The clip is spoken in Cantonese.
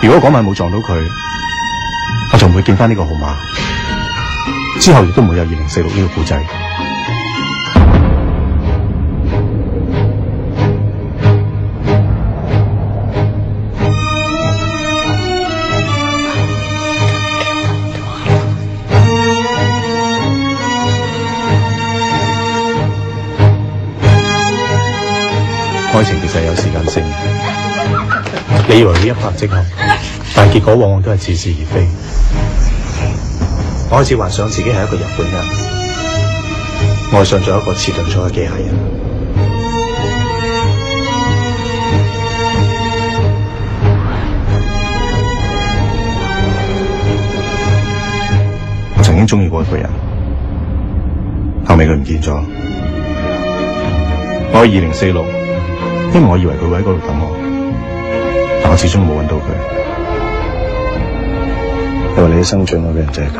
如果嗰晚冇撞到佢，我就唔會見翻呢個號碼，之後亦都唔會有二零四六呢個古仔。愛情其實有時間性，你以為呢一拍即合，但結果往往都係似是而非。我開始幻想自己係一個日本人，愛上咗一個設定咗嘅機械人。我曾經中意過一個人，後尾佢唔見咗。我喺二零四六。因為我以為佢會喺嗰度等我，但我始終冇揾到佢。因為你一生最愛嘅人就係佢。